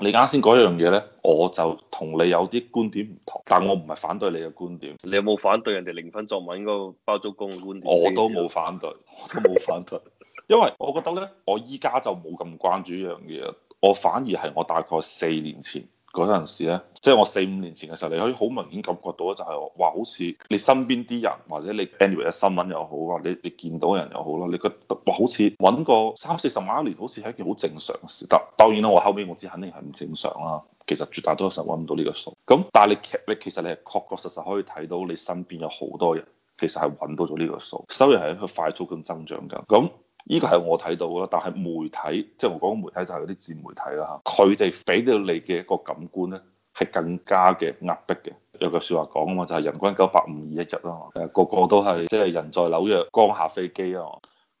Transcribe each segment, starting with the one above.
你啱先講樣嘢呢，我就同你有啲觀點唔同，但我唔係反對你嘅觀點。你有冇反對人哋零分作文嗰個包租公嘅觀點？我都冇反對， 我都冇反對，因為我覺得呢，我依家就冇咁關注呢樣嘢，我反而係我大概四年前。嗰陣時咧，即係我四五年前嘅時候，你可以好明顯感覺到咧，就係話好似你身邊啲人，或者你 anyway 嘅新聞又好，或者你見到人又好啦，你覺得哇好似揾個三四十萬一年好似係一件好正常嘅事。嗱，當然啦，我後尾我知肯定係唔正常啦。其實絕大多數揾唔到呢個數。咁但係你 cap 咧，其實你係確，確確實實可以睇到你身邊有好多人其實係揾到咗呢個數，收入係一個快速咁增長㗎。咁呢個係我睇到咯，但係媒體即係我講媒體，媒體就係嗰啲自媒體啦嚇。佢哋俾到你嘅一個感官咧，係更加嘅壓迫嘅。有句説話講啊嘛，就係、是、人均九百五二一日啦，誒個個都係即係人在紐約剛下飛機啊，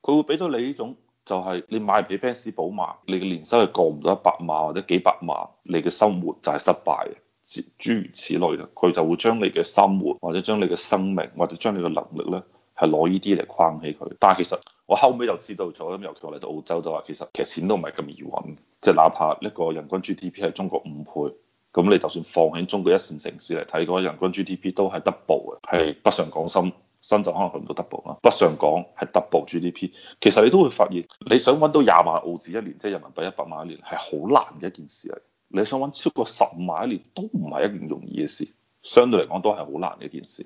佢會俾到你呢種就係、是、你買唔起賓士寶馬，你嘅年薪係過唔到一百萬或者幾百萬，你嘅生活就係失敗嘅，諸如此類啦。佢就會將你嘅生活或者將你嘅生命或者將你嘅能力咧係攞呢啲嚟框起佢，但係其實。我後尾就知道咗，尤其我嚟到澳洲就話，其實其實錢都唔係咁易揾，即係哪怕一個人均 GDP 係中國五倍，咁你就算放喺中國一線城市嚟睇，嗰個人均 GDP 都係 double 嘅，係北上廣深，深圳可能去唔到 double 啦，北上廣係 double GDP。其實你都會發現，你想揾到廿萬澳紙一年，即係人民幣一百萬一年係好難嘅一件事嚟。你想揾超過十五萬一年都唔係一件容易嘅事，相對嚟講都係好難嘅一件事。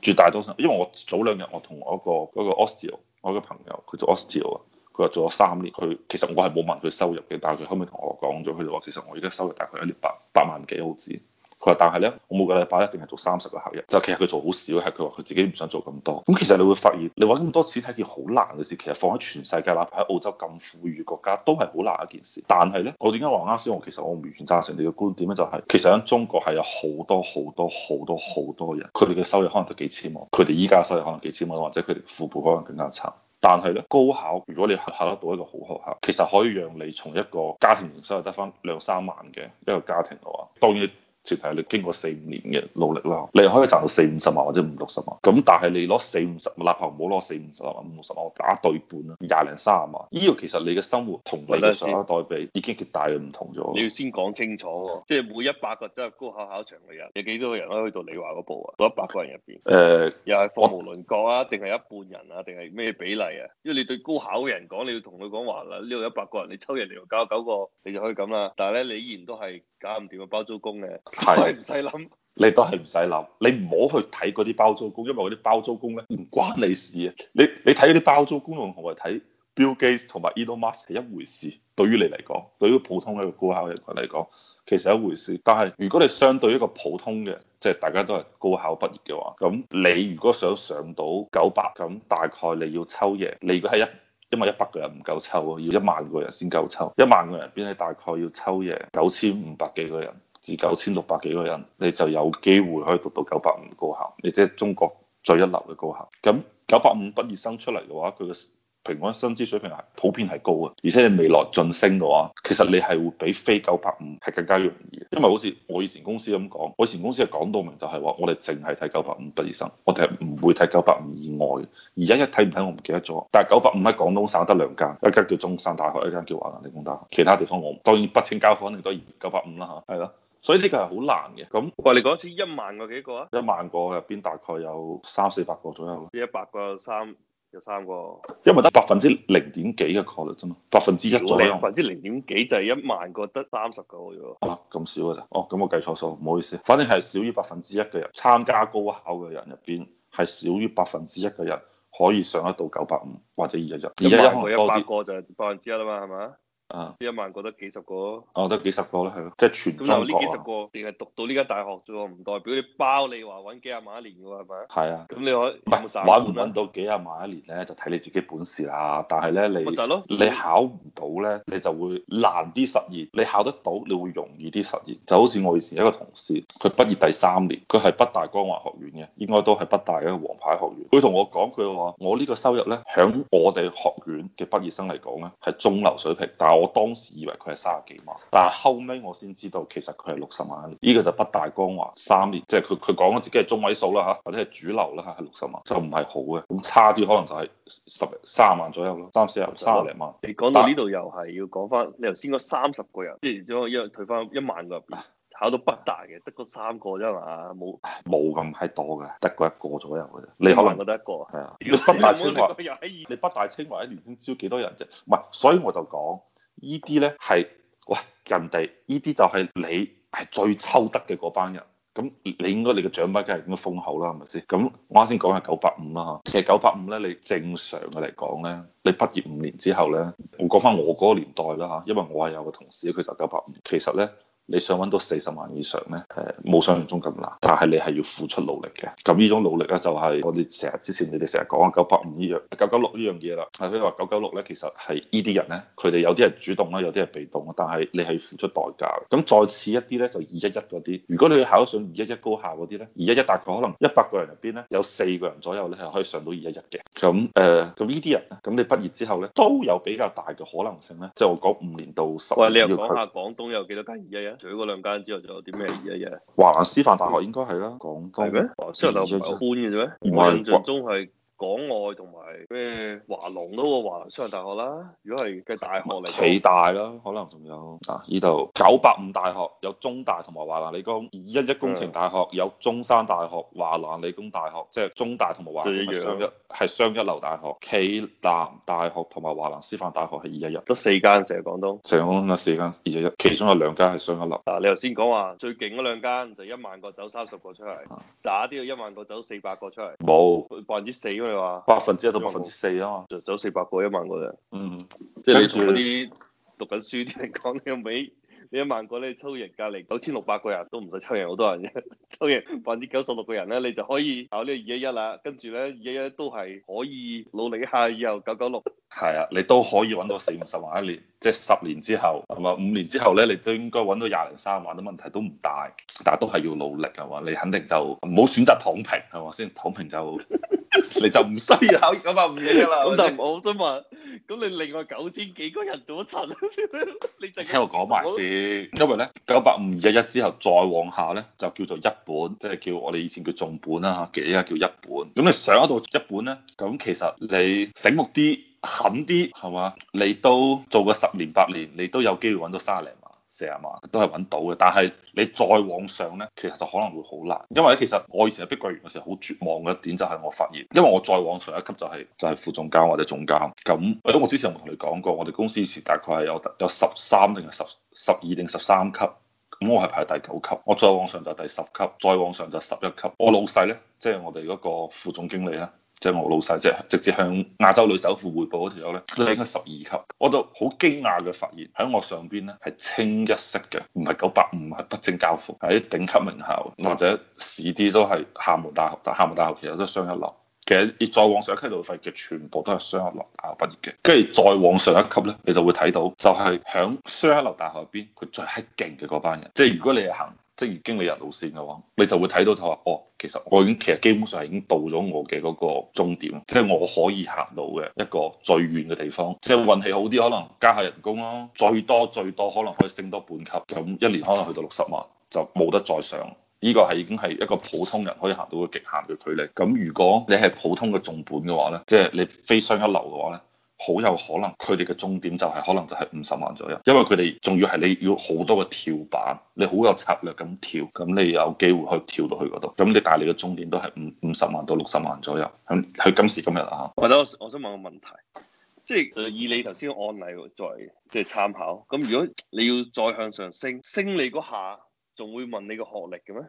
絕大多數，因為我早兩日我同我一個嗰個澳洲。我嘅朋友佢做 Osteo 啊，佢話做咗三年，佢其實我係冇問佢收入嘅，但係佢後屘同我講咗，佢就話其實我而家收入大概一年八八萬幾澳紙。話，但係咧，我每個禮拜一定係做三十個客人，就其實佢做好少，係佢話佢自己唔想做咁多。咁其實你會發現，你揾咁多錢係一件好難嘅事。其實放喺全世界哪怕喺澳洲咁富裕國家都係好難一件事。但係咧，我點解話啱先？我其實我唔完全贊成你嘅觀點咧、就是，就係其實喺中國係有好多好多好多好多人，佢哋嘅收入可能都幾千萬，佢哋依家收入可能幾千萬，或者佢哋父母可能更加差。但係咧，高考如果你考得到一個好學校，其實可以讓你從一個家庭年收入得翻兩三萬嘅一個家庭嘅話，當然。即係你經過四五年嘅努力啦，你可以賺到四五十萬或者五六十萬。咁但係你攞四五十萬，立唔好攞四五十萬、五六十萬，我打對半啦，廿零三十萬。呢、這個其實你嘅生活同你嘅上一代，代比已經極大嘅唔同咗。你要先講清楚，即係每一百個真係高考考場嘅人，有幾多個人可以去到你話嗰步啊？嗰一百個人入邊，誒、呃，又係放無輪郭啊，定係我 一半人啊，定係咩比例啊？因為你對高考嘅人講，你要同佢講話啦，呢度一百個人，你抽人嚟教九個，你就可以咁啦。但係咧，你依然都係。搞唔掂個包租公嘅，係唔使諗。你都係唔使諗，你唔好去睇嗰啲包租公，因為嗰啲包租公咧唔關你事啊！你你睇嗰啲包租公用同埋睇 Bill Gates 同埋 Elon Musk 係一回事。對於你嚟講，對於普通嘅高考人群嚟講，其實係一回事。但係如果你相對一個普通嘅，即係大家都係高考畢業嘅話，咁你如果想上到九百，咁大概你要抽嘢。你如果係一因為一百個人唔夠抽喎，要一萬個人先夠抽。一萬個人，邊你大概要抽贏九千五百幾個人至九千六百幾個人，你就有機會可以讀到985高校，亦即係中國最一流嘅高校。咁985畢業生出嚟嘅話，佢嘅平均薪資水平係普遍係高嘅，而且你未來晉升嘅話，其實你係會比非九八五係更加容易，因為好似我以前公司咁講，我以前公司係講到明就係話，我哋淨係睇九八五畢業生，我哋係唔會睇九八五以外。而家一睇唔睇我唔記得咗，但係九八五喺廣東省得兩間，一間叫中山大學，一間叫華南理工大學，其他地方我當然北清交科肯定都九八五啦吓，係咯，所以呢個係好難嘅。咁話你講一次一萬個幾個啊？一萬個入邊大概有三四百個左右。一百個三。有三個，因為得百分之零點幾嘅概率啫嘛，百分之一左右。百分之零點幾就係一萬個得三十個啫喎。啊，咁少嘅咋？哦，咁我計錯數，唔好意思。反正係少於百分之一嘅人參加高考嘅人入邊，係少於百分之一嘅人可以上得到九八五或者二一一。二一一一百個就係百分之一啦嘛，係咪？啊！嗯、一萬個得幾十個，我得幾十個啦，係咯，即係全中國，咁就呢幾十個，定係讀到呢間大學啫喎，唔代表你包你話揾幾廿萬一年嘅喎，係咪啊？係啊的，咁你可唔係唔揾到幾廿萬一年咧？就睇你自己本事啦。但係咧，你咯，你考唔到咧，你就會難啲實現；你考得到，你會容易啲實現。就好似我以前一個同事，佢畢業第三年，佢係北大光華學院嘅，應該都係北大嘅王牌學院。佢同我講，佢話：我呢個收入咧，響我哋學院嘅畢業生嚟講咧，係中流水平。但我當時以為佢係三十幾萬，但係後尾我先知道其實佢係六十萬。呢、這個就北大光華三年，即係佢佢講咗自己係中位數啦嚇，或者係主流啦嚇，係六十萬就唔係好嘅。咁差啲可能就係三十萬左右咯，三四廿三廿零萬。你講到呢度又係要講翻你頭先嗰三十個人，即係將一退翻一萬個入邊考到北大嘅，得嗰三個啫嘛，冇冇咁閪多嘅，得嗰一個左右嘅啫。你可能覺得一個係啊。如果北大光華，華，你北大清華一年先招幾多人啫？唔係，所以我就講。呢啲咧係喂人哋呢啲就係你係最抽得嘅嗰班人，咁你應該你嘅獎品梗係咁封口啦，係咪先？咁我啱先講係985啦嚇，其實985咧你正常嘅嚟講咧，你畢業五年之後咧，我講翻我嗰個年代啦嚇，因為我係有個同事，佢就985，其實咧。你想揾到四十萬以上咧，誒冇想象中咁難，但係你係要付出努力嘅。咁呢種努力咧就係、是、我哋成日之前你哋成日講啊九八五依、這、樣、個、九九六呢樣嘢啦。譬如話九九六咧，其實係呢啲人咧，佢哋有啲係主動啦，有啲係被動，但係你係付出代價咁再次一啲咧就二一一嗰啲，如果你要考上二一一高校嗰啲咧，二一一大概可能一百個人入邊咧有四個人左右咧係可以上到二一一嘅。咁誒咁呢啲人咁你畢業之後咧都有比較大嘅可能性咧，即、就、係、是、我講五年到十。喂，你又講下廣東有幾多間二一一？除咗嗰兩間之外，仲有啲咩嘢？一嘢？華南師範大學應該係啦，廣東。係咩？即係流流搬嘅啫咩？我印象中係。港外同埋咩華農都喎、啊，華南師範大學啦。如果係嘅大學嚟，暨大啦，可能仲有啊。呢度九八五大學有中大同埋華南理工，二一一工程大學的有中山大學、華南理工大學，即、就、係、是、中大同埋華南，係雙一，係的雙,雙一流大學。暨南大學同埋華南師範大學係二一一，都四間成日廣東，成廣東得四間二一一，其中有兩間係雙一流。啊，你頭先講話最勁嗰兩間就一萬個走三十個出嚟，渣啲就一萬個走四百個出嚟，冇百分之四咁你話百分之一到百分之四啊嘛，就走四百個一萬個人，嗯，即係你做啲讀緊書啲嚟講，你咪你一萬個咧抽贏隔離九千六百個人都唔使抽贏好多人嘅，抽贏百分之九十六個人咧，你就可以考呢個二一一啦，跟住咧二一一都係可以努力下以後九九六，係啊，你都可以揾到四五十萬一年， 即係十年之後係嘛，係咪五年之後咧你都應該揾到廿零三萬，都問題都唔大，但係都係要努力嘅喎，你肯定就唔好選擇躺平係嘛先，躺平就。 你就唔需要考九百五嘢啦。咁就唔好。想問，咁你另外九千幾個人做一層，你淨聽我講埋先。因為咧，九百五二一一之後再往下咧，就叫做一本，即係叫我哋以前叫重本啦嚇，而家叫一本。咁你上到一本咧，咁其實你醒目啲、狠啲係嘛，你都做個十年八年，你都有機會揾到卅零萬。四十萬都係揾到嘅，但係你再往上咧，其實就可能會好難。因為其實我以前喺碧桂園嘅時候好絕望嘅一點就係、是、我發現，因為我再往上一級就係、是、就係、是、副總監或者總監。咁，因為我之前有冇同你講過，我哋公司以前大概係有有十三定係十十二定十三級，咁我係排第九級，我再往上就係第十級，再往上就係十一級。我老細咧，即係我哋嗰個副總經理咧。即係我老細，即係直接向亞洲女首富匯報嗰條友咧，你應該十二級，我就好驚訝嘅發現，喺我上邊咧係清一色嘅，唔係九八五，係北京教父，係啲頂級名校或者市啲都係廈門大學，但係廈門大學其實都係雙一流，其實你再往上一級就會發現，全部都係雙一流大學畢業嘅，跟住再往上一級咧，你就會睇到，就係喺雙一流大學入邊，佢最係勁嘅嗰班人，即係如果你係行。職業經理人路線嘅話，你就會睇到就話，哦，其實我已經其實基本上已經到咗我嘅嗰個終點，即係我可以行到嘅一個最遠嘅地方。即係運氣好啲，可能加下人工咯。最多最多可能可以升多半級，咁一年可能去到六十萬，就冇得再上。呢個係已經係一個普通人可以行到嘅極限嘅距離。咁如果你係普通嘅重本嘅話呢，即係你非雙一流嘅話咧。好有可能佢哋嘅終點就係、是、可能就係五十萬左右，因為佢哋仲要係你要好多個跳板，你好有策略咁跳，咁你有機會可以跳到去嗰度，咁你帶你嘅終點都係五五十萬到六十萬左右，咁喺今時今日啊，或者我想問個問題，即係誒以你頭先嘅案例作為即係參考，咁如果你要再向上升，升你嗰下仲會問你個學歷嘅咩？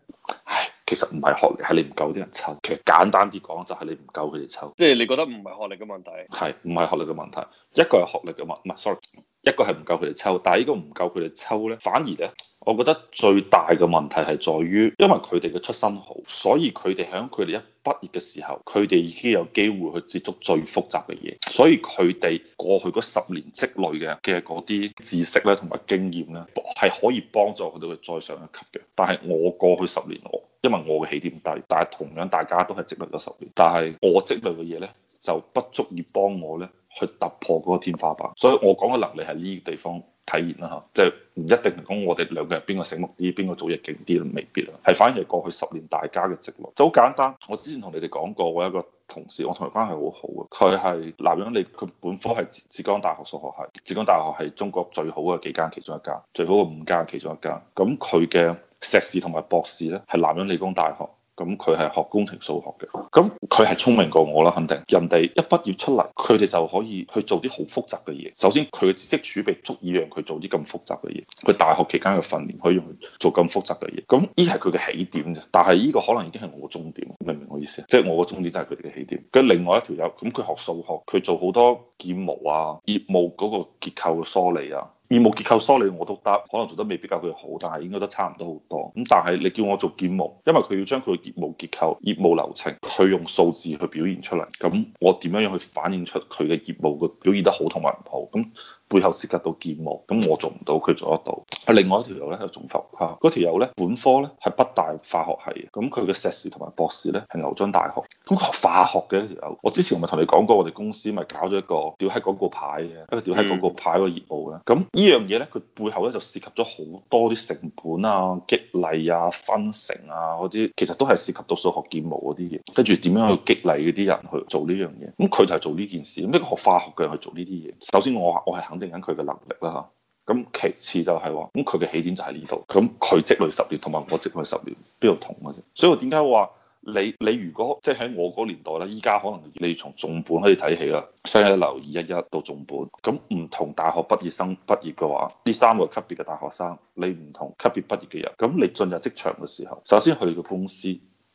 其實唔係學歷，係你唔夠啲人抽。其實簡單啲講，就係你唔夠佢哋抽。即係你覺得唔係學歷嘅問題，係唔係學歷嘅問題？一個係學歷嘅問，唔係，sorry，一個係唔夠佢哋抽。但係呢個唔夠佢哋抽呢，反而呢，我覺得最大嘅問題係在於，因為佢哋嘅出身好，所以佢哋喺佢哋一畢業嘅時候，佢哋已經有機會去接觸最複雜嘅嘢。所以佢哋過去嗰十年積累嘅嘅嗰啲知識咧，同埋經驗呢，係可以幫助佢哋再上一級嘅。但係我過去十年我。因為我嘅起點低，但係同樣大家都係積累咗十年，但係我積累嘅嘢呢，就不足以幫我呢去突破嗰個天花板。所以我講嘅能力係呢個地方體現啦嚇，即係唔一定係講，我哋兩個人邊個醒目啲，邊個做嘢勁啲都未必啊。係反而係過去十年大家嘅積累。就好簡單，我之前同你哋講過，我有一個同事，我同佢關係好好嘅。佢係男人嚟，佢本科係浙江大學數學系，浙江大學係中國最好嘅幾間其中一間，最好嘅五間其中一間。咁佢嘅碩士同埋博士咧，係南洋理工大學，咁佢係學工程數學嘅，咁佢係聰明過我啦，肯定。人哋一畢業出嚟，佢哋就可以去做啲好複雜嘅嘢。首先，佢嘅知識儲備足以讓佢做啲咁複雜嘅嘢。佢大學期間嘅訓練可以用做咁複雜嘅嘢。咁呢係佢嘅起點啫，但係呢個可能已經係我嘅終點。明唔明我意思？即係我嘅終點都係佢哋嘅起點。佢另外一條友，咁佢學數學，佢做好多建模啊，業務嗰個結構嘅梳理啊。業務結構梳理我都得，可能做得未必夠佢好，但係應該都差唔多好多。咁但係你叫我做建模，因為佢要將佢嘅業務結構、業務流程，佢用數字去表現出嚟，咁我點樣樣去反映出佢嘅業務嘅表現得好同埋唔好咁？背後涉及到建模，咁我做唔到，佢做得到。係另外一條友咧，係重複嚇。嗰條友咧，本科咧係北大化學系嘅，咁佢嘅碩士同埋博士咧係牛津大學。咁學化學嘅一條友，我之前咪同你講過，我哋公司咪搞咗一個吊喺廣告牌嘅，一個吊喺廣告牌嘅個業務嘅。咁呢、嗯、樣嘢咧，佢背後咧就涉及咗好多啲成本啊、激勵啊、分成啊嗰啲，其實都係涉及到數學建模嗰啲嘢。跟住點樣去激勵嗰啲人去做呢樣嘢？咁佢就係做呢件事。咁一個學化學嘅人去做呢啲嘢，首先我我係肯定緊佢嘅能力啦嚇。咁其次就係話，咁佢嘅起點就喺呢度。咁佢積累十年，同埋我積累十年，邊度同嘅啫？所以點解話你你如果即喺我個年代咧，依家可能你從重本可以睇起啦，雙一流二一一到重本。咁唔同大學畢業生畢業嘅話，呢三個級別嘅大學生，你唔同級別畢業嘅人，咁你進入職場嘅時候，首先去嘅公司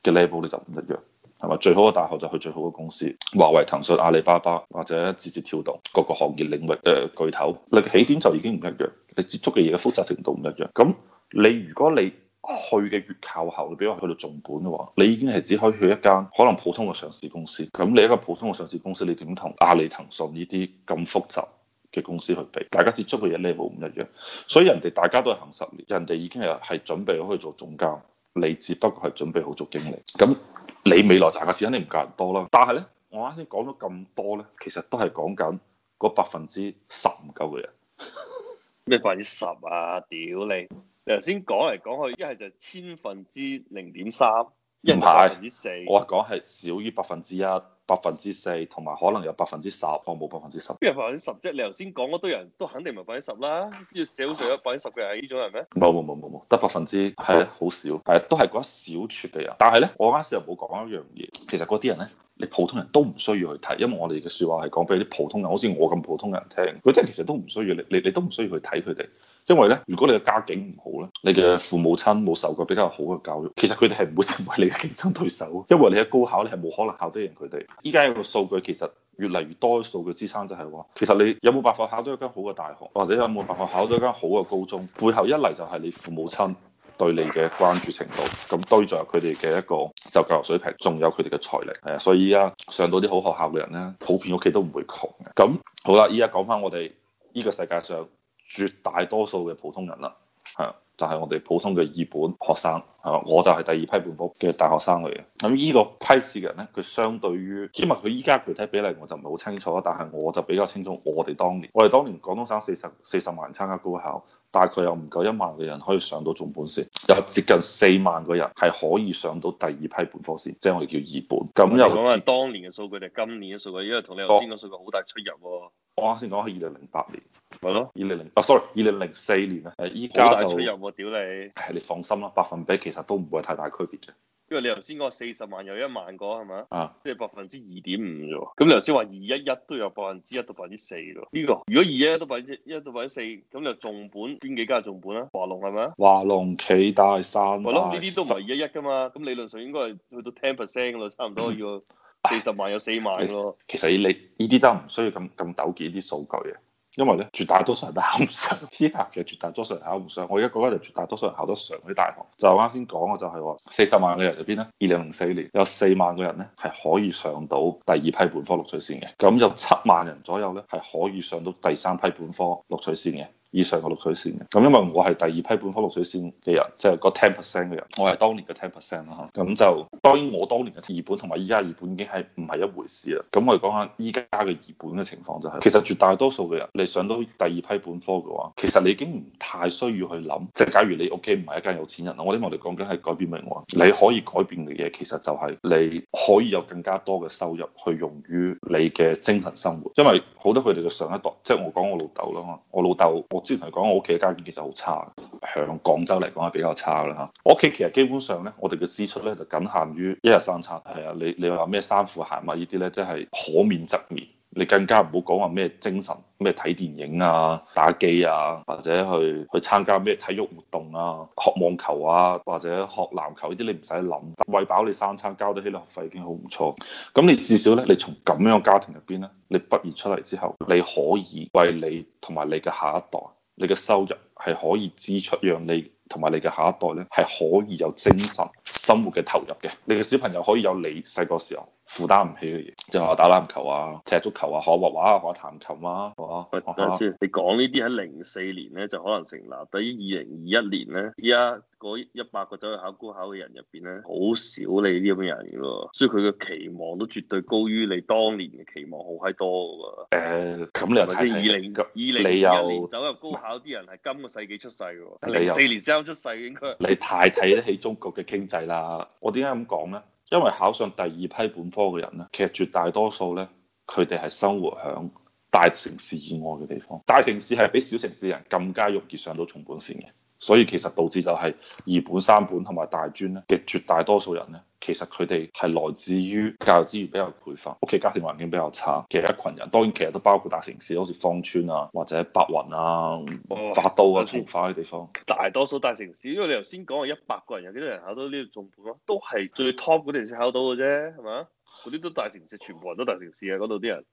嘅 level 你就唔一樣。係咪最好嘅大學就去最好嘅公司？華為、騰訊、阿里巴巴或者字節跳動，各個行業領域嘅、呃、巨頭，你起點就已經唔一樣，你接觸嘅嘢嘅複雜程度唔一樣。咁你如果你去嘅越靠後，你比如去到重本嘅話，你已經係只可以去一間可能普通嘅上市公司。咁你一個普通嘅上市公司，你點同阿里、騰訊呢啲咁複雜嘅公司去比？大家接觸嘅嘢 level 唔一樣，所以人哋大家都係行十年，人哋已經係係準備好去做總監，你只不過係準備好做經理咁。你未來賺嘅錢肯定唔夠人多啦，但係咧，我啱先講咗咁多咧，其實都係講緊嗰百分之十唔夠嘅人，咩 百分之十啊？屌你！你頭先講嚟講去，一係就千分之零點三。唔係，我係講係少於百分之一、百分之四，同埋可能有百分之十，我冇百分之十。邊有，有，有百分之十啫？你頭先講嗰堆人都肯定唔係百分之十啦。要社會上有百分之十嘅人呢種人咩？冇冇冇冇冇，得百分之係啊，好少，係都係嗰一小撮嘅人。但係咧，我啱先又冇講一樣嘢，其實嗰啲人咧。.你普通人都唔需要去睇，因為我哋嘅説話係講俾啲普通人，好似我咁普通人聽，佢真係其實都唔需要，你你你都唔需要去睇佢哋，因為咧，如果你嘅家境唔好咧，你嘅父母親冇受過比較好嘅教育，其實佢哋係唔會成為你嘅競爭對手，因為你喺高考你係冇可能考得贏佢哋。依家有個數據，其實越嚟越多數據支撐就係話，其實你有冇辦法考到一間好嘅大學，或者有冇辦法考到一間好嘅高中，背後一嚟就係你父母親。對你嘅關注程度，咁堆咗佢哋嘅一個就教育水平，仲有佢哋嘅財力，係啊，所以依家上到啲好學校嘅人咧，普遍屋企都唔會窮嘅。咁好啦，依家講翻我哋呢個世界上絕大多數嘅普通人啦，係就係我哋普通嘅二本學生，係我就係第二批本科嘅大學生嚟嘅。咁呢個批次嘅人咧，佢相對於，因為佢依家具體比例我就唔係好清楚啦。但係我就比較清楚，我哋當年，我哋當年廣東省四十四十萬人參加高考，大概有唔夠一萬個人可以上到重本線，有接近四萬個人係可以上到第二批本科線，即係我哋叫二本。咁又講緊、嗯、當年嘅數據定今年嘅數據？因為同你頭先個數據好大出入喎、啊。我先講係二零零八年，係咯的，二零零，啊，sorry，二零零四年啊，依家就好大出入喎，屌你！係、哎、你放心啦，百分比其實都唔會太大區別嘅。因為你頭先講四十萬有一萬個係咪啊？即係百分之二點五啫喎。咁你頭先話二一一都有百分之一到百分之四喎？呢、呢個如果二一一都百分之一到百分之四，咁就重本邊幾間重本啊？華龍係咪啊？華龍、企大、三大，我諗呢啲都唔係二一一㗎嘛。咁理論上應該係去到 ten percent 咯，差唔多要。 四十萬有四萬咯，啊，其實你呢啲都唔需要咁咁糾結啲數據嘅，因為咧絕大多數人考唔上，其 p a 絕大多數人考唔上，我而家國得就絕大多數人考得上嗰啲大學，就啱先講嘅就係話四十萬嘅人入邊咧，二零零四年有四萬個人咧係可以上到第二批本科錄取線嘅，咁有七萬人左右咧係可以上到第三批本科錄取線嘅。以上嘅錄取線嘅，咁因為我係第二批本科錄取線嘅人，即係個 ten percent 嘅人，我係當年嘅 ten percent 啦嚇。咁就當然我當年嘅二本同埋依家二本已經係唔係一回事啦。咁我哋講下依家嘅二本嘅情況就係，其實絕大多數嘅人你上到第二批本科嘅話，其實你已經唔太需要去諗，即係假如你屋企唔係一間有錢人啦，我希望我哋講緊係改變命運，你可以改變嘅嘢其實就係你可以有更加多嘅收入去用於你嘅精神生活，因為好多佢哋嘅上一代，即係我講我老豆啦嘛，我老豆。之前同你講，我屋企嘅家境其實好差嘅，喺廣州嚟講係比較差啦嚇。我屋企其實基本上咧，我哋嘅支出咧就僅限於一日三餐，係啊，你你話咩衫褲鞋襪呢啲咧，真係可免則免。你更加唔好講話咩精神咩睇電影啊、打機啊，或者去去參加咩體育活動啊、學網球啊，或者學籃球呢啲，你唔使諗，餵飽你三餐，交得起你學費已經好唔錯。咁你至少咧，你從咁樣嘅家庭入邊咧，你畢業出嚟之後，你可以為你同埋你嘅下一代，你嘅收入係可以支出，讓你同埋你嘅下一代咧係可以有精神生活嘅投入嘅。你嘅小朋友可以有你細個時候負擔唔起嘅嘢，即係話打籃球啊、踢足球啊、學畫畫啊、學彈琴啊，係嘛、啊？喂、啊，等先、啊，你講呢啲喺零四年咧，就可能成立，對於二零二一年咧，依家嗰一百個走去考高考嘅人入邊咧，好少你呢啲咁嘅人嘅喎，所以佢嘅期望都絕對高於你當年嘅期望好閪多嘅喎。咁、呃、你又點睇？二零二零二零年走入高考啲人係今個世紀出世嘅喎，零四又年先啱出世應該。你太睇得起中國嘅經濟啦！我點解咁講咧？因為考上第二批本科嘅人咧，其實絕大多數咧，佢哋係生活喺大城市以外嘅地方，大城市係比小城市人更加容易上到重本線嘅，所以其實導致就係二本、三本同埋大專咧嘅絕大多數人咧。其實佢哋係來自於教育資源比較匱乏，屋企家庭環境比較差其實嘅一群人。當然，其實都包括大城市，好似芳村啊，或者白雲啊、花都啊、從化嘅地方。大多數大城市，因為你頭先講話一百個人有幾多人考到呢度重本咯，都係最 top 嗰啲先考到嘅啫，係咪？嗰啲都大城市，全部人都大城市嘅嗰度啲人。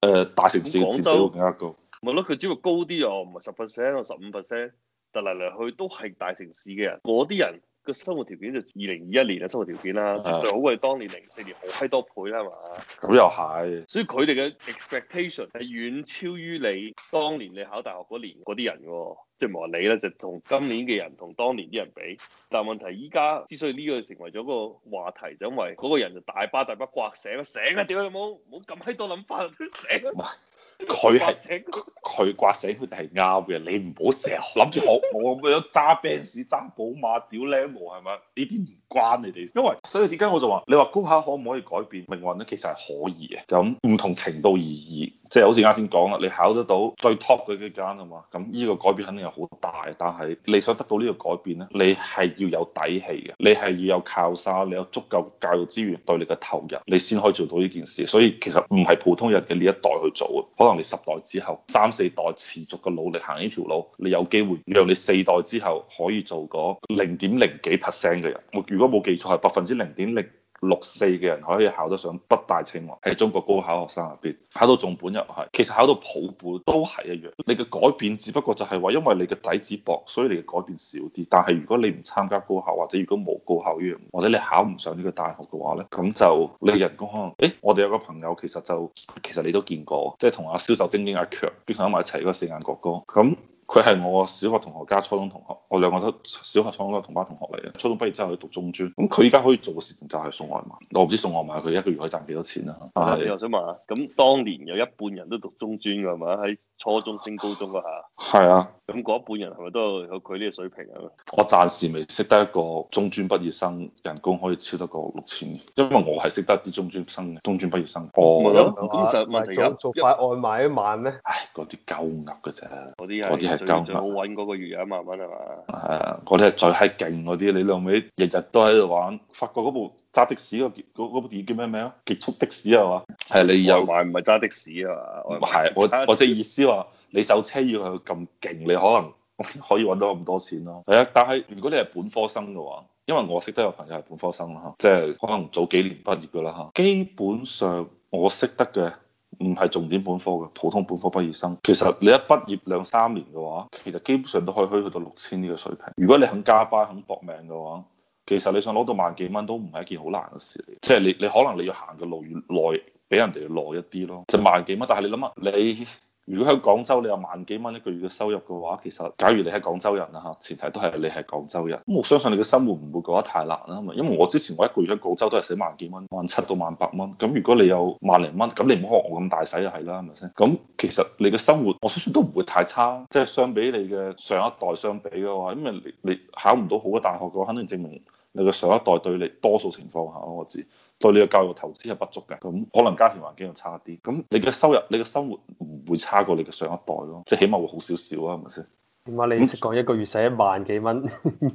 誒、呃，大城市。咁廣州更加高。咪咯，佢只不過高啲啊，我唔係十 percent，我十五 percent，但嚟嚟去都係大城市嘅人，嗰啲人。個生活條件就二零二一年嘅生活條件啦，最好的好過你當年零四年好閪多倍啦，係嘛是？咁又係，所以佢哋嘅 expectation 係遠超於你當年你考大學嗰年嗰啲人嘅，即係唔好話你啦，就同、是、今年嘅人同當年啲人比。但係問題依家之所以呢個成為咗個話題，就是、因為嗰個人就大把大把颳醒，醒啊！屌你冇冇咁閪多諗法啊！醒。 佢係 是 醒，佢掛醒，佢哋係啱嘅。你唔好成日諗住我，我咩揸 b 賓士、揸寶馬屌靚模係咪？你啲。關你哋，因為所以點解我就話，你話高考可唔可以改變命運呢？其實係可以嘅，咁唔同程度而異，即係好似啱先講啦，你考得到最 top 嗰幾間啊嘛，咁呢個改變肯定係好大。但係你想得到呢個改變呢，你係要有底氣嘅，你係要有靠山，你有足夠教育資源對你嘅投入，你先可以做到呢件事。所以其實唔係普通人嘅呢一代去做。可能你十代之後、三四代持續嘅努力行呢條路，你有機會讓你四代之後可以做嗰零點零幾 percent 嘅人。如果都冇記錯係百分之零點零六四嘅人可以考得上北大清華，喺中國高考學生入邊考到重本又係，其實考到普本都係一樣。你嘅改變只不過就係話，因為你嘅底子薄，所以你嘅改變少啲。但係如果你唔參加高考，或者如果冇高考呢樣，或者你考唔上呢個大學嘅話呢，咁就你嘅人工可能誒，我哋有個朋友其實就其實你都見過，即係同阿銷售精英阿強經常喺埋一齊嗰四眼哥哥咁。佢係我小學同學加初中同學，我兩個都小學初中都係同班同學嚟嘅。初中畢業之後去讀中專，咁佢依家可以做嘅事情就係送外賣。我唔知送外賣佢一個月可以賺幾多錢啊？你又想問下，咁當年有一半人都讀中專㗎係咪？喺初中升高中啊？下。係啊。咁嗰一半人係咪都有佢呢個水平啊？我暫時未識得一個中專畢業生人工可以超得過六千，因為我係識得啲中專生嘅。中專畢業生。哦。咁就咪做做快外賣一萬咧？唉，嗰啲鳩鴨㗎啫。啲啲就冇揾嗰個月啊嘛，蚊係嘛？係啊，嗰啲係最係勁嗰啲。你兩尾日日都喺度玩。發覺嗰部揸的士個結嗰嗰部電叫咩名啊？極速的士係嘛？係，你又話唔係揸的士啊嘛？係，我我即意思話，你手車要係咁勁，你可能可以揾到咁多錢咯。係啊，但係如果你係本科生嘅話，因為我識得有朋友係本科生啦，即係可能早幾年畢業噶啦嚇。基本上我識得嘅。唔係重點本科嘅普通本科畢業生，其實你一畢業兩三年嘅話，其實基本上都可以去到六千呢個水平。如果你肯加班、肯搏命嘅話，其實你想攞到萬幾蚊都唔係一件好難嘅事嚟。即係你你可能你要行嘅路越耐，比人哋耐一啲咯。就萬幾蚊，但係你諗下，你。如果喺廣州你有萬幾蚊一個月嘅收入嘅話，其實假如你係廣州人啦嚇，前提都係你係廣州人，咁我相信你嘅生活唔會過得太難啦嘛。因為我之前我一個月喺廣州都係使萬幾蚊，萬七到萬八蚊。咁如果你有萬零蚊，咁你唔好學我咁大使就係啦，係咪先？咁其實你嘅生活我相信都唔會太差，即係相比你嘅上一代相比嘅話，因為你你考唔到好嘅大學嘅話，肯定證明你嘅上一代對你多數情況下我知。對你嘅教育投資係不足嘅，咁可能家庭環境又差啲，咁你嘅收入、你嘅生活唔會差過你嘅上一代咯，即係起碼會好少少啊，係咪先？點啊？你講一個月使一萬幾蚊，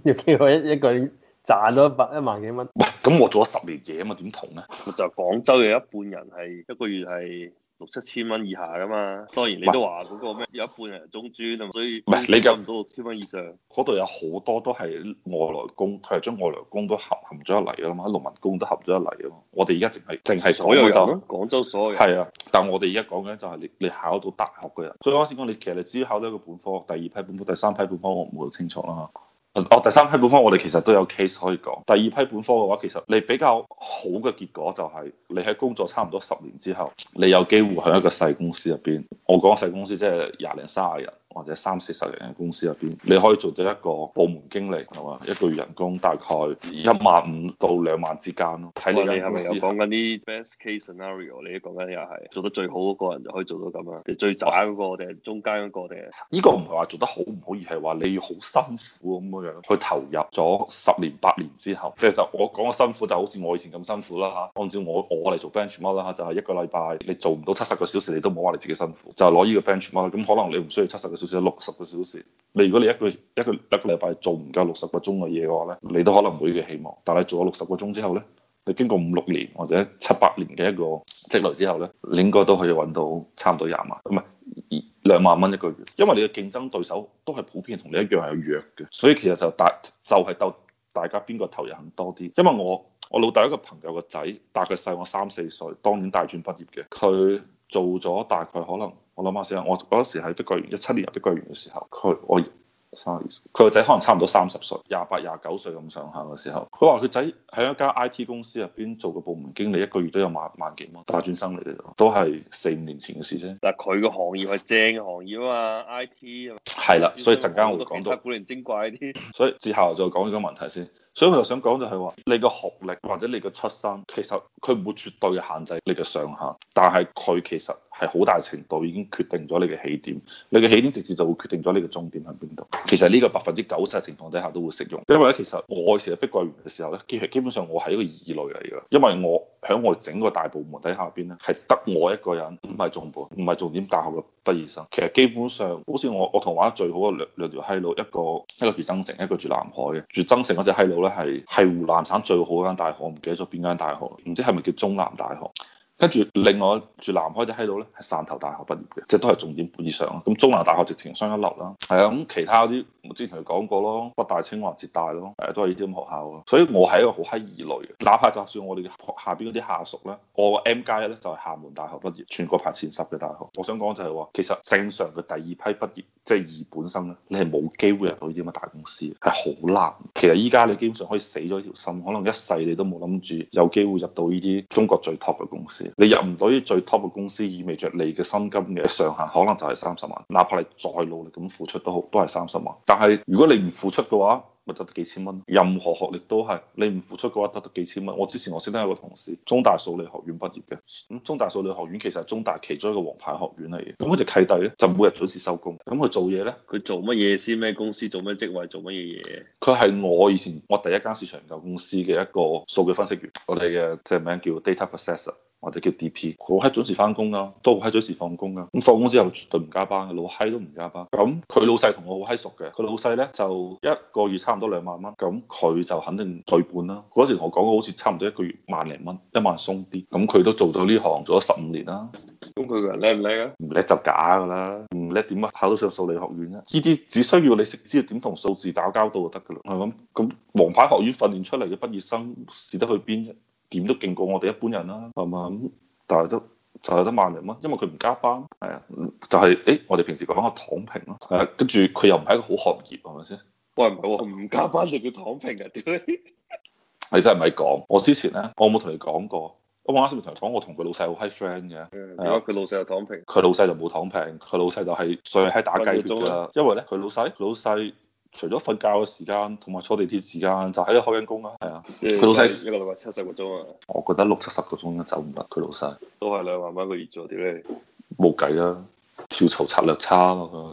要幾那 個一一個月賺咗一百一萬幾蚊？喂，咁我做咗十年嘢啊嘛，點同咧？咪就係廣州嘅一半人係一個月係。六七千蚊以下噶嘛，當然你都話嗰個咩有一半人中專吖嘛，所以唔係你入唔到六千蚊以上，嗰度有好多都係外來工，佢係將外來工都合含咗一嚟噶啦嘛，農民工都合咗一嚟噶嘛，我哋而家淨係淨係講嘅就，就廣州所有，係啊，但係我哋而家講緊就係你，你考到大學嘅人，所以啱先講你其實你只要考到一個本科，第二批本科、第三批本科我唔會好清楚啦。哦，第三批本科我哋其實都有 case 可以講。第二批本科嘅話，其實你比較好嘅結果就係你喺工作差唔多十年之後，你有機會喺一個細公司入邊。我講細公司即係廿零卅人。或者三四十人嘅公司入邊，你可以做到一個部門經理係嘛？一個月人工大概一萬五到兩萬之間咯。睇你嘅公司。講緊啲 best case scenario，你講緊又係做得最好嗰個人就可以做到咁啦。最渣嗰個定中間嗰個定呢依個唔係話做得好唔好，而係話你好辛苦咁樣樣去投入咗十年八年之後，即係就說我講嘅辛苦就好似我以前咁辛苦啦、啊、嚇。按照我我嚟做 benchmark 啦就係一個禮拜你做唔到七十個小時，你都冇好話你自己辛苦。就係攞呢個 benchmark 咁可能你唔需要七十個。少少六十個小時，你如果你一個一個一個禮拜做唔夠六十個鐘嘅嘢嘅話咧，你都可能會嘅希望。但係做咗六十個鐘之後咧，你經過五六年或者七八年嘅一個積累，累之後咧，你應該都可以揾到差唔多廿萬，唔係兩萬蚊一個月。因為你嘅競爭對手都係普遍同你一樣係弱嘅，所以其實就大就係、是、鬥大家邊個投入肯多啲。因為我我老豆一個朋友個仔，大佢細我三四歲，當年大專畢業嘅，佢。做咗大概可能，我諗下先啊，我嗰時喺碧桂園一七年入碧桂園嘅時候，佢我卅，佢個仔可能差唔多三十歲，廿八廿九歲咁上下嘅時候，佢話佢仔喺一間 I T 公司入邊做個部門經理，一個月都有萬萬幾蚊，大專生嚟嘅，都係四五年前嘅事啫。嗱，佢個行業係正嘅行業啊嘛，I T 係嘛，係啦，所以陣間我講到其他古靈精怪啲， 所以之後就講呢個問題先。所以佢就想講就係話，你個學歷或者你個出生，其實佢唔會絕對嘅限制你嘅上限，但係佢其實係好大程度已經決定咗你嘅起點，你嘅起點直接就會決定咗你嘅終點喺邊度。其實呢個百分之九十嘅情況底下都會適用，因為咧，其實我成日碧桂園嘅時候咧，其實基本上我係一個異類嚟嘅。因為我。喺我哋整個大部門底下邊咧，係得我一個人，唔係重本，唔係重點大學嘅畢業生。其實基本上，好似我我同玩得最好嘅兩兩條閪佬，一個一個住增城，一個住南海嘅。住增城嗰隻閪佬咧，係係湖南省最好嗰間大學，我唔記得咗邊間大學，唔知係咪叫中南大學。跟住另外住南開啲喺度咧，係汕頭大學畢業嘅，即係都係重點本以上。咁中南大學直情雙一流啦，係啊。咁其他啲我之前同佢講過咯，北大、清大、清華、浙大咯，誒都係呢啲咁學校。所以我係一個好閪二類嘅。哪怕就算我哋下邊嗰啲下屬咧，我 M 屆咧就係、是、廈門大學畢業，全國排前十嘅大學。我想講就係話，其實正常嘅第二批畢業即係二本生咧，你係冇機會入到呢啲咁嘅大公司，係好難。其實依家你基本上可以死咗條心，可能一世你都冇諗住有機會入到呢啲中國最 top 嘅公司。你入唔到啲最 top 嘅公司，意味着你嘅薪金嘅上限可能就係三十萬。哪怕你再努力咁付出都好，都係三十萬。但係如果你唔付出嘅話，咪得幾千蚊。任何學歷都係，你唔付出嘅話，得得幾千蚊。我之前我識得有個同事，中大數理學院畢業嘅。咁中大數理學院其實係中大其中一個王牌學院嚟嘅。咁佢隻契弟咧，就每日準時收工。咁佢做嘢咧？佢做乜嘢先？咩公司做咩職位做乜嘢嘢？佢係我以前我第一間市場研究公司嘅一個數據分析員。我哋嘅隻名叫 data processor。或者叫 DP，好閪準時翻工啊，都好閪準時放工啊。咁放工之後絕對唔加班嘅，老閪都唔加班。咁佢老細同我好閪熟嘅，佢老細咧就一個月差唔多兩萬蚊，咁佢就肯定對半啦。嗰時同我講嘅好似差唔多一個月一個萬零蚊，一萬鬆啲。咁佢都做咗呢行，做咗十五年啦。咁佢個人叻唔叻啊？唔叻就假噶啦，唔叻點啊？考到上數理學院啊。呢啲只需要你識知道點同數字打交道就得噶啦。係咯，咁王牌學院訓練出嚟嘅畢業生，試得去邊啫？點都勁過我哋一般人啦，啊，係嘛？咁，但係都就係得萬人咯，啊，因為佢唔加班，係啊，就係、是、誒，我哋平時講個躺平咯，跟住佢又唔係一個好行業，係咪先？喂，唔係，唔加班就叫躺平啊？屌、啊、你！你真係唔係講？我之前咧，我冇同你講過，我啱先同你講，我同佢老細好 high friend 嘅，而家佢老細又躺平，佢老細就冇躺平，佢老細就係最喺打雞血啦，因為咧佢老細，老細。除咗瞓覺嘅時間，同埋坐地鐵時間，就喺度開緊工啦，係啊。佢老細一個禮拜七十個鐘啊。我覺得六七十個鐘都走唔甩佢老細，都係兩萬蚊一個月做啲咩？冇計啦，跳槽策略差啊佢。